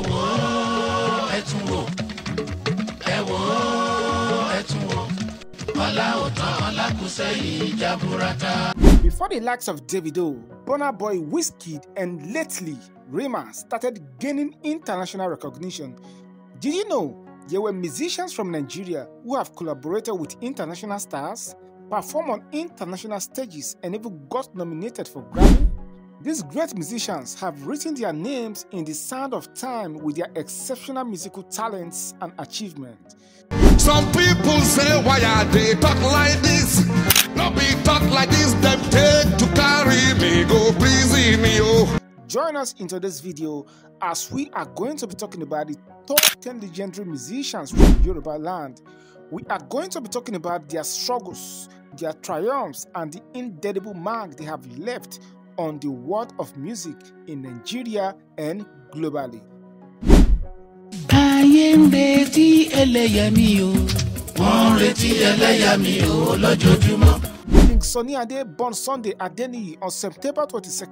Before the likes of Davido, Burna Boy, Wizkid, and lately Rema started gaining international recognition. Did you know there were musicians from Nigeria who have collaborated with international stars, performed on international stages, and even got nominated for Grammy? These great musicians have written their names in the sand of time with their exceptional musical talents and achievements. Some people say, why are they talk like this? Not be talk like this, them take to carry me, go pleasing me, oh. Join us in today's video as we are going to be talking about the top 10 legendary musicians from Yoruba land. We are going to be talking about their struggles, their triumphs, and the indelible mark they have left on the world of music in Nigeria and globally. ayé ń retí ẹlẹ́yàmí o. wọ́n ń retí ẹlẹ́yàmí o lójoojúmọ́. King Ade, born Sunday Adeniyi on September 22,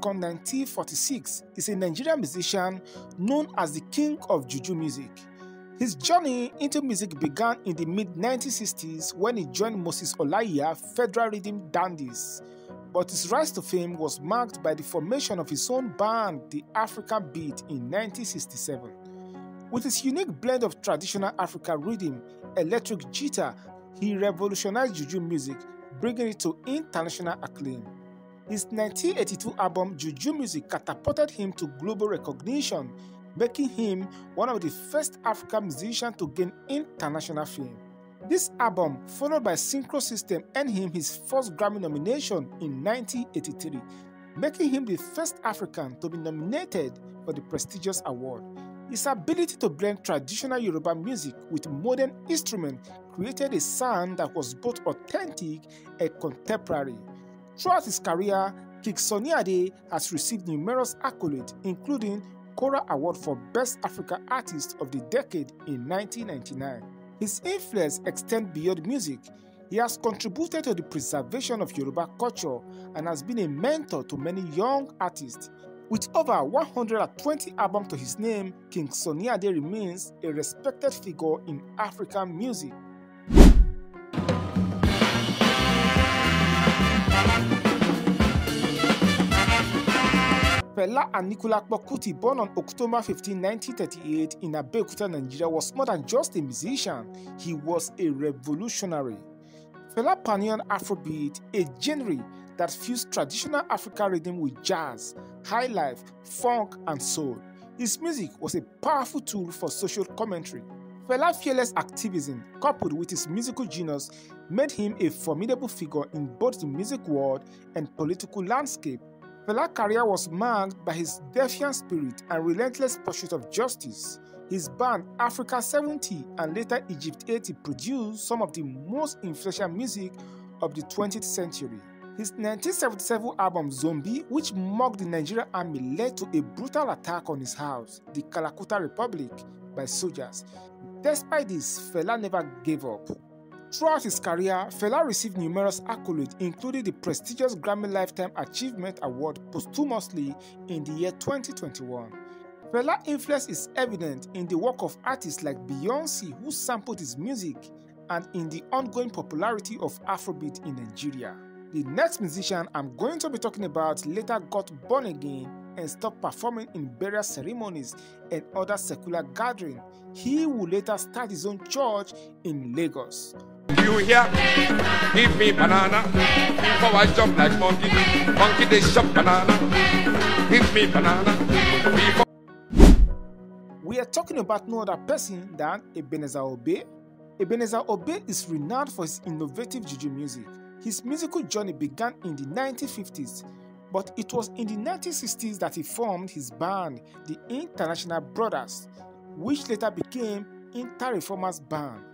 1946, is a Nigerian musician known as the King of Juju music. His journey into music began in the mid-1960s when he joined Moses Olaiya Federal Rhythm Dandies but his rise to fame was marked by the formation of his own band, the Africa Beat, in 1967. With his unique blend of traditional African rhythm, electric guitar, he revolutionized juju music, bringing it to international acclaim. His 1982 album Juju Music catapulted him to global recognition, making him one of the first African musicians to gain international fame. This album, followed by Synchro System, earned him his first Grammy nomination in 1983, making him the first African to be nominated for the prestigious award. His ability to blend traditional Yoruba music with modern instruments created a sound that was both authentic and contemporary. Throughout his career, Kiksoniade has received numerous accolades, including Cora Award for Best Africa Artist of the Decade in 1999. His influence extends beyond music. He has contributed to the preservation of Yoruba culture and has been a mentor to many young artists. With over 120 albums to his name, King Soniade remains a respected figure in African music. and Anikulapo Kuti, born on October 15, 1938 in Abeokuta, Nigeria, was more than just a musician, he was a revolutionary. Fela pioneered Afrobeat, a genre that fused traditional African rhythm with jazz, high life, funk, and soul. His music was a powerful tool for social commentary. Fela's fearless activism, coupled with his musical genius, made him a formidable figure in both the music world and political landscape. Fela's career was marked by his defiant spirit and relentless pursuit of justice. His band Africa 70 and later Egypt 80 produced some of the most influential music of the 20th century. His 1977 album Zombie, which mocked the Nigerian army, led to a brutal attack on his house, the Kalakuta Republic, by soldiers. Despite this, Fela never gave up. Throughout his career, Fela received numerous accolades, including the prestigious Grammy Lifetime Achievement Award posthumously in the year 2021. Fela's influence is evident in the work of artists like Beyoncé, who sampled his music, and in the ongoing popularity of Afrobeat in Nigeria. The next musician I'm going to be talking about later got born again and stopped performing in burial ceremonies and other secular gatherings. He would later start his own church in Lagos. You hear? Give me banana. For I jump like monkey. Monkey they shop banana. Give me banana. we are talking about no other person than Ebenezer Obey. Ebenezer Obey is renowned for his innovative juju music. His musical journey began in the 1950s, but it was in the 1960s that he formed his band, the International Brothers, which later became Inter Reformers Band.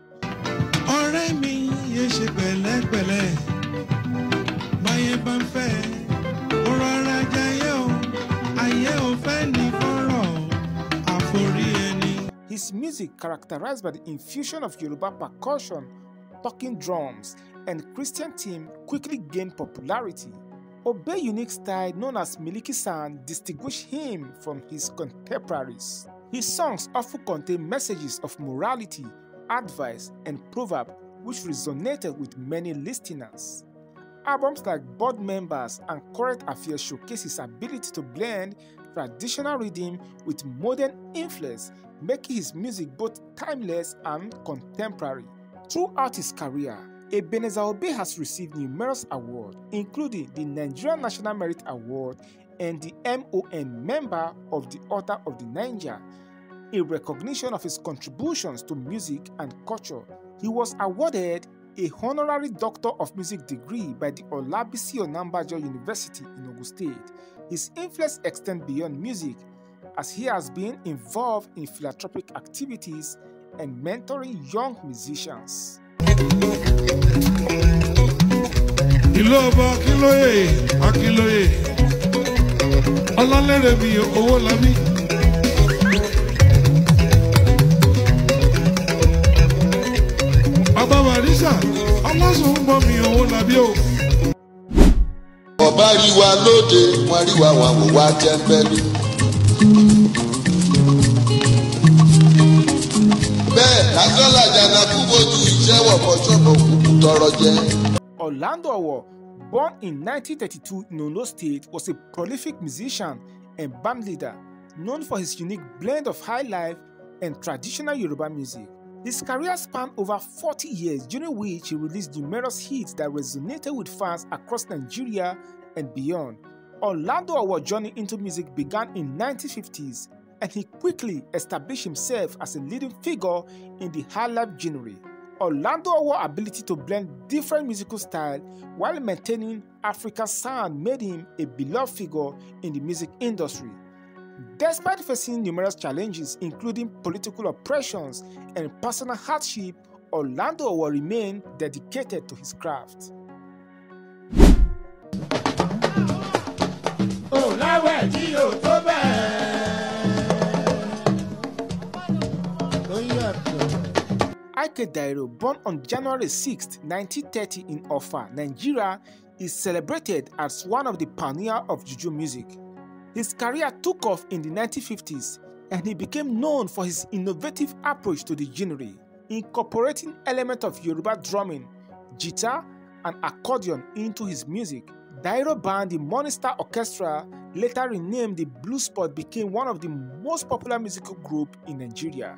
ọ̀rẹ́ mi yé ṣe pẹ̀lẹ́pẹ̀lẹ́ báyé bá ń fẹ́ ó rọra jayé o ayé ò fẹ́ ní fọ́rọ̀ àforí ẹni. His music, characterized by the infusion of Yoruba percussion, talking drums, and Christian theme, quickly gained popularity. Obey's unique style, known as Miliki Sound, distinguished him from his contemporaries. His songs often contain messages of morality, advice, and proverb which resonated with many listeners. Albums like Board Members and Current Affairs showcase his ability to blend traditional rhythm with modern influence, making his music both timeless and contemporary. Throughout his career, Ebenezer Obey has received numerous awards, including the Nigerian National Merit Award and the MON Member of the Order of the Niger. In recognition of his contributions to music and culture, he was awarded a honorary Doctor of Music degree by the Olabisi Onambajo University in Ogun State. His influence extends beyond music, as he has been involved in philanthropic activities and mentoring young musicians. owó lámì. Aisha ọlọ́sùn mọ́ mi owó làbí o. ọba rí wa lóde wọn rí wa wọn wò wá tẹ́ńbẹ́lú. bẹ́ẹ̀ lásánlá jàǹdàkú bójú iṣẹ́ wọ̀pọ̀ ṣọ́ọ̀bù kúkú tọrọ jẹ. Orlando Owo born in 1932 in Ondo State was a prolific musician and band leader known for his unique blend of high life and traditional Yoruba music. His career spanned over 40 years, during which he released numerous hits that resonated with fans across Nigeria and beyond. Orlando Award journey into music began in 1950s, and he quickly established himself as a leading figure in the high-life genre. Orlando Award's ability to blend different musical styles while maintaining African sound made him a beloved figure in the music industry. Despite facing numerous challenges, including political oppressions and personal hardship, Orlando will remain dedicated to his craft. Ike Dairo, born on January 6, 1930 in Ofa, Nigeria, is celebrated as one of the pioneers of Juju music. His career took off in the 1950s and he became known for his innovative approach to the genre, incorporating elements of Yoruba drumming, guitar, and accordion into his music. Dairo Band, the Monster Orchestra, later renamed the Bluespot, became one of the most popular musical groups in Nigeria.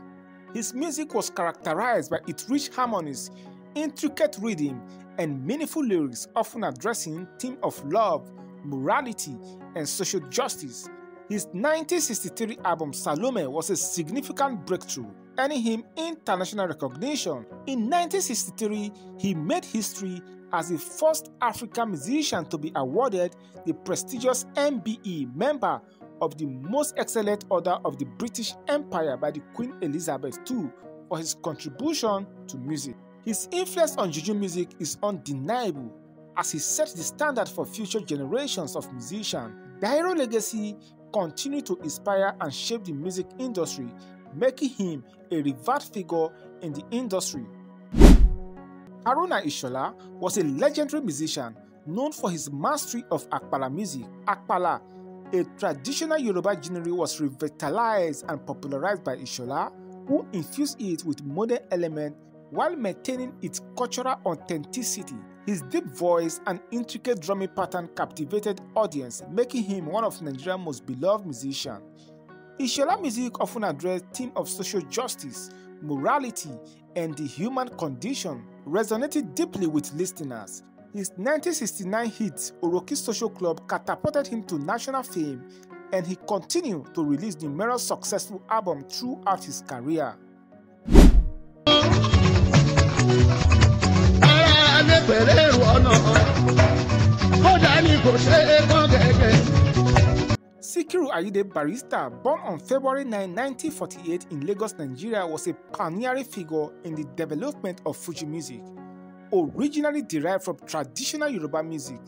His music was characterized by its rich harmonies, intricate rhythm, and meaningful lyrics often addressing themes of love, morality, and social justice. His 1963 album Salome was a significant breakthrough, earning him international recognition. In 1963, he made history as the first African musician to be awarded the prestigious MBE member of the Most Excellent Order of the British Empire by the Queen Elizabeth II for his contribution to music. His influence on Juju music is undeniable as he set the standard for future generations of musicians. The legacy continued to inspire and shape the music industry, making him a revered figure in the industry. Haruna Ishola was a legendary musician known for his mastery of Akpala music. Akpala, a traditional Yoruba genre, was revitalized and popularized by Ishola, who infused it with modern elements while maintaining its cultural authenticity. His deep voice and intricate drumming pattern captivated audience, making him one of Nigeria's most beloved musicians. Ishola music often addressed themes of social justice, morality, and the human condition, resonated deeply with listeners. His 1969 hit Oroki Social Club catapulted him to national fame, and he continued to release numerous successful albums throughout his career. Oh, Sikiru Ayide Barista, born on February 9, 1948 in Lagos, Nigeria, was a pioneering figure in the development of Fuji music. Originally derived from traditional Yoruba music,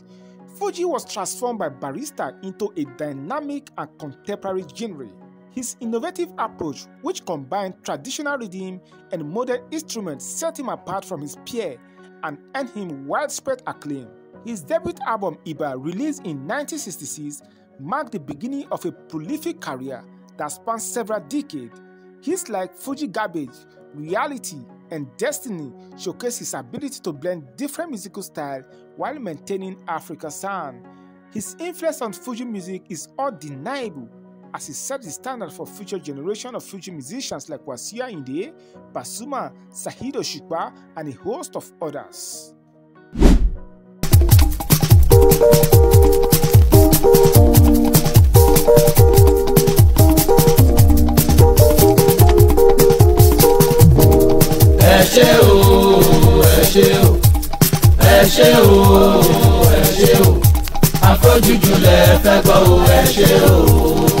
Fuji was transformed by Barista into a dynamic and contemporary genre. His innovative approach, which combined traditional rhythm and modern instruments, set him apart from his peers and earned him widespread acclaim. His debut album Iba, released in 1966, marked the beginning of a prolific career that spanned several decades. His like Fuji Garbage, Reality, and Destiny showcased his ability to blend different musical styles while maintaining Africa's sound. His influence on Fuji music is undeniable, as he set the standard for future generation of future musicians like Wasiu Inde, Pasuma, Sahido Osupa, and a host of others. Ẹ lẹ fẹ́ gbọ́ o, ẹ ṣé o.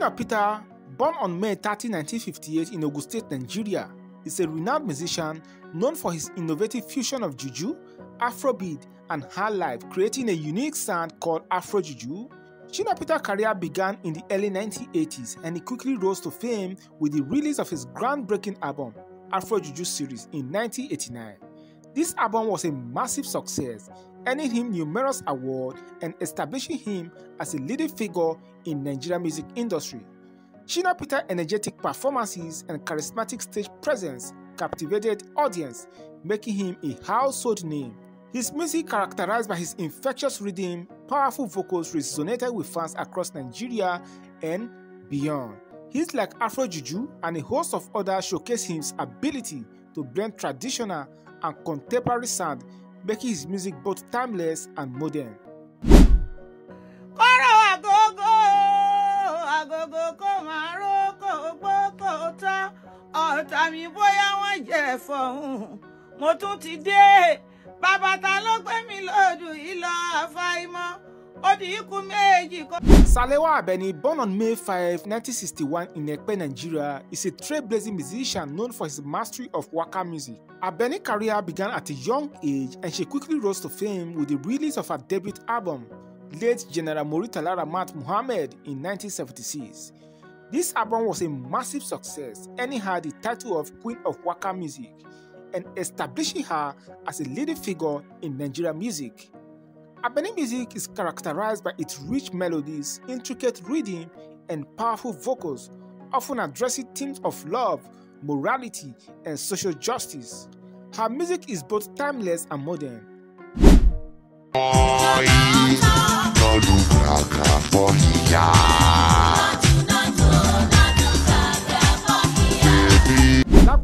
Shina Peter, born on May 30, 1958 in Ogun State, Nigeria, is a renowned musician known for his innovative fusion of juju, afrobeat, and highlife, life creating a unique sound called Afro Juju. Shina Peter's career began in the early 1980s and he quickly rose to fame with the release of his groundbreaking album, Afro Juju Series, in 1989. This album was a massive success earning him numerous awards and establishing him as a leading figure in Nigerian music industry. Chino Peter's energetic performances and charismatic stage presence captivated audience, making him a household name. His music, characterized by his infectious rhythm, powerful vocals, resonated with fans across Nigeria and beyond. Hits like Afro Juju and a host of others showcase his ability to blend traditional and contemporary sound making his music both timeless and modern. kọ́rọ̀ bóyá wọ́n jẹ̀ fọ̀hún mo tún ti dé bàbá ta ló gbé mi lòdù yìí lọ àfàìmọ̀. Salewa Abeni, born on May 5, 1961 in Ekpe, Nigeria, is a trailblazing musician known for his mastery of waka music. Abeni's career began at a young age and she quickly rose to fame with the release of her debut album, late General Murtala Ramat Muhammad in 1976. This album was a massive success, earning her the title of Queen of Waka Music and establishing her as a leading figure in Nigerian music. Abene music is characterized by its rich melodies, intricate rhythm, and powerful vocals, often addressing themes of love, morality, and social justice. Her music is both timeless and modern.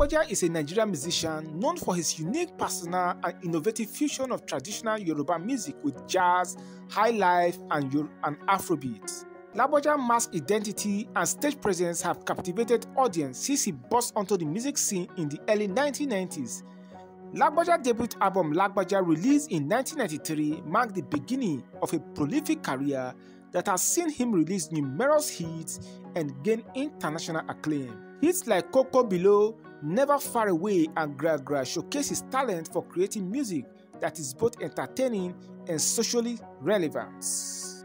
Kodia is a Nigerian musician known for his unique personal and innovative fusion of traditional Yoruba music with jazz, high life, and, Euro and Afrobeat. Laboja's mask identity and stage presence have captivated audience since he burst onto the music scene in the early 1990s. Lagbaja's debut album Lagbaja released in 1993 marked the beginning of a prolific career that has seen him release numerous hits and gain international acclaim. Hits like Coco Below, Never Far Away and Gra Gra showcase his talent for creating music that is both entertaining and socially relevant.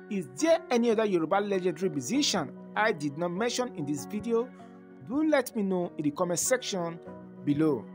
Is there any other Yoruba legendary musician I did not mention in this video? Do let me know in the comment section below.